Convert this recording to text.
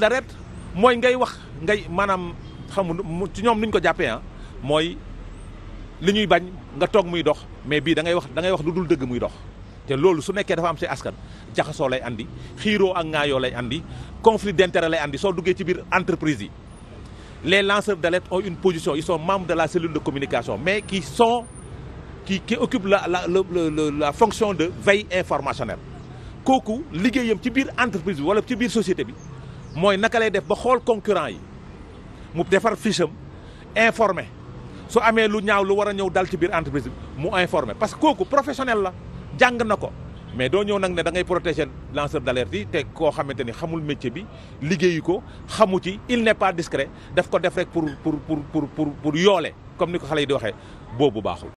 daret mooy ngay wax ngay maanaam xamu ci ñoom nuñ ko jàppee ah mooy li ñuy bañ nga toog muy dox mais bii da wax da ngay wax lu dul dëgg muy dox te loolu su nekkee dafa am si askan jaxasoo lay andi xiiroo ak ŋaayoo lay andi conflit d'intérêt lay andi soo duggee ci biir entreprise yi les lanceurs d'alerte ont une position ils sont membres de la cellule de communication mais qui sont qui qui occupent la la la la fonction de veille informationnelle kooku liggéeyam ci biir entreprise bi wala ci biir société bi. mooy naka lay def ba xool concurrent yi mu defar fiche am informé su amee lu ñaaw lu war a ñëw dal ci biir entreprise bi mu informé parce que kooku professionnel la jàng na ko mais doo ñëw nag ne da ngay protéger lanceur d'alerte yi te koo xamante ni xamul métier bi liggéeyu ko xamu ci il n'est pas discret daf ko def rek pour pour pour pour pour yoole comme ni ko xale yi di waxee boobu baaxul.